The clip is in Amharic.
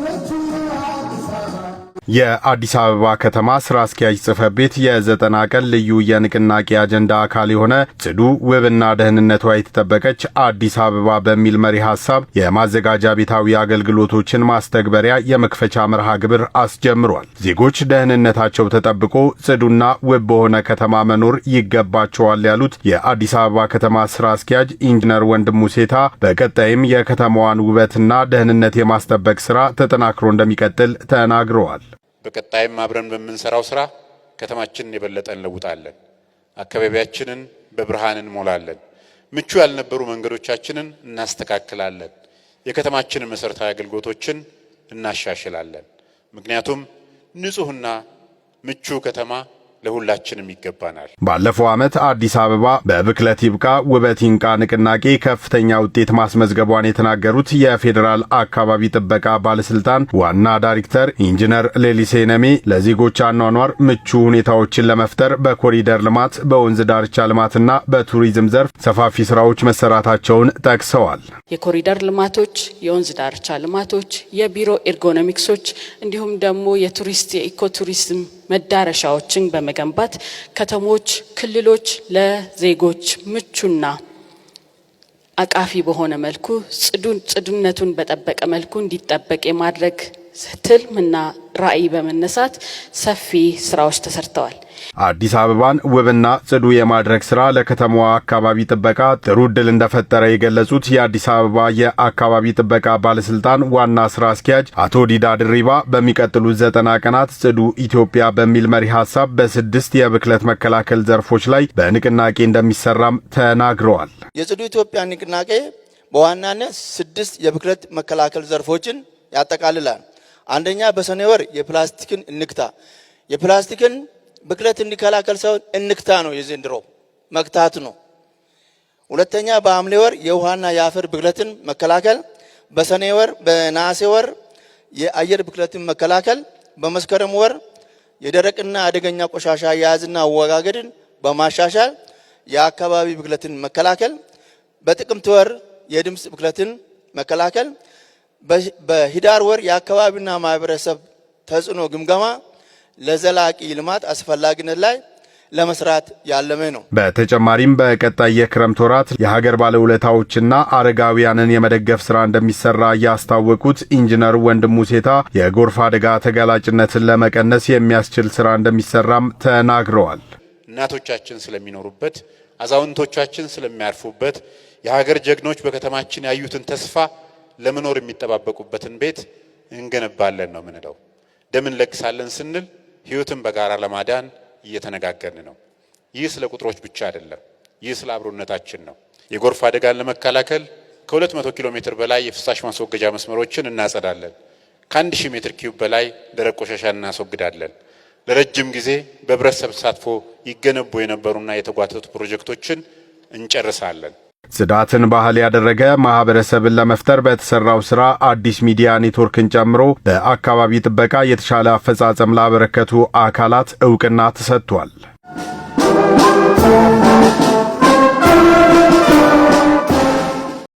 Thank you. የአዲስ አበባ ከተማ ስራ አስኪያጅ ጽህፈት ቤት የዘጠና ቀን ልዩ የንቅናቄ አጀንዳ አካል የሆነ ጽዱ ውብና ደህንነቷ የተጠበቀች አዲስ አበባ በሚል መሪ ሀሳብ የማዘጋጃ ቤታዊ አገልግሎቶችን ማስተግበሪያ የመክፈቻ መርሃ ግብር አስጀምሯል። ዜጎች ደህንነታቸው ተጠብቆ ጽዱና ውብ በሆነ ከተማ መኖር ይገባቸዋል ያሉት የአዲስ አበባ ከተማ ስራ አስኪያጅ ኢንጂነር ወንድሙ ሴታ በቀጣይም የከተማዋን ውበትና ደህንነት የማስጠበቅ ስራ ተጠናክሮ እንደሚቀጥል ተናግረዋል። በቀጣይም አብረን በምንሰራው ስራ ከተማችንን የበለጠ እንለውጣለን። አካባቢያችንን በብርሃን እንሞላለን። ምቹ ያልነበሩ መንገዶቻችንን እናስተካክላለን። የከተማችንን መሰረታዊ አገልግሎቶችን እናሻሽላለን። ምክንያቱም ንጹህና ምቹ ከተማ ለሁላችንም ይገባናል። ባለፈው ዓመት አዲስ አበባ በብክለት ይብቃ ውበት ይንቃ ንቅናቄ ከፍተኛ ውጤት ማስመዝገቧን የተናገሩት የፌዴራል አካባቢ ጥበቃ ባለስልጣን ዋና ዳይሬክተር ኢንጂነር ሌሊሴ ነሜ ለዜጎች አኗኗር ምቹ ሁኔታዎችን ለመፍጠር በኮሪደር ልማት፣ በወንዝ ዳርቻ ልማትና በቱሪዝም ዘርፍ ሰፋፊ ስራዎች መሰራታቸውን ጠቅሰዋል። የኮሪደር ልማቶች፣ የወንዝ ዳርቻ ልማቶች፣ የቢሮ ኤርጎኖሚክሶች እንዲሁም ደግሞ የቱሪስት የኢኮቱሪዝም መዳረሻዎችን በመገንባት ከተሞች፣ ክልሎች ለዜጎች ምቹና አቃፊ በሆነ መልኩ ጽዱነቱን በጠበቀ መልኩ እንዲጠበቅ የማድረግ ትልምና ራዕይ በመነሳት ሰፊ ስራዎች ተሰርተዋል። አዲስ አበባን ውብና ጽዱ የማድረግ ስራ ለከተማዋ አካባቢ ጥበቃ ጥሩ እድል እንደፈጠረ የገለጹት የአዲስ አበባ የአካባቢ ጥበቃ ባለስልጣን ዋና ስራ አስኪያጅ አቶ ዲዳ ድሪባ በሚቀጥሉት ዘጠና ቀናት ጽዱ ኢትዮጵያ በሚል መሪ ሀሳብ በስድስት የብክለት መከላከል ዘርፎች ላይ በንቅናቄ እንደሚሰራም ተናግረዋል። የጽዱ ኢትዮጵያ ንቅናቄ በዋናነት ስድስት የብክለት መከላከል ዘርፎችን ያጠቃልላል። አንደኛ በሰኔ ወር የፕላስቲክን እንክታ የፕላስቲክን ብክለት እንዲከላከል ሳይሆን እንክታ ነው የዘንድሮ መክታት ነው። ሁለተኛ በሐምሌ ወር የውሃና የአፈር ብክለትን መከላከል፣ በሰኔ ወር በነሐሴ ወር የአየር ብክለትን መከላከል፣ በመስከረም ወር የደረቅና አደገኛ ቆሻሻ አያያዝና አወጋገድን በማሻሻል የአካባቢ ብክለትን መከላከል፣ በጥቅምት ወር የድምፅ ብክለትን መከላከል፣ በህዳር ወር የአካባቢና ማህበረሰብ ተጽዕኖ ግምገማ ለዘላቂ ልማት አስፈላጊነት ላይ ለመስራት ያለመ ነው። በተጨማሪም በቀጣይ የክረምት ወራት የሀገር ባለውለታዎችና አረጋውያንን የመደገፍ ስራ እንደሚሰራ ያስታወቁት ኢንጂነር ወንድሙ ሴታ የጎርፍ አደጋ ተጋላጭነትን ለመቀነስ የሚያስችል ስራ እንደሚሰራም ተናግረዋል። እናቶቻችን ስለሚኖሩበት፣ አዛውንቶቻችን ስለሚያርፉበት፣ የሀገር ጀግኖች በከተማችን ያዩትን ተስፋ ለመኖር የሚጠባበቁበትን ቤት እንገነባለን ነው ምንለው። ደምን ለግሳለን ስንል ህይወትን በጋራ ለማዳን እየተነጋገርን ነው። ይህ ስለ ቁጥሮች ብቻ አይደለም። ይህ ስለ አብሮነታችን ነው። የጎርፍ አደጋን ለመከላከል ከ200 ኪሎ ሜትር በላይ የፍሳሽ ማስወገጃ መስመሮችን እናጸዳለን። ከ1000 ሜትር ኪዩብ በላይ ደረቅ ቆሻሻ እናስወግዳለን። ለረጅም ጊዜ በህብረተሰብ ተሳትፎ ይገነቡ የነበሩና የተጓተቱ ፕሮጀክቶችን እንጨርሳለን። ጽዳትን ባህል ያደረገ ማህበረሰብን ለመፍጠር በተሰራው ስራ አዲስ ሚዲያ ኔትወርክን ጨምሮ በአካባቢ ጥበቃ የተሻለ አፈጻጸም ላበረከቱ አካላት እውቅና ተሰጥቷል።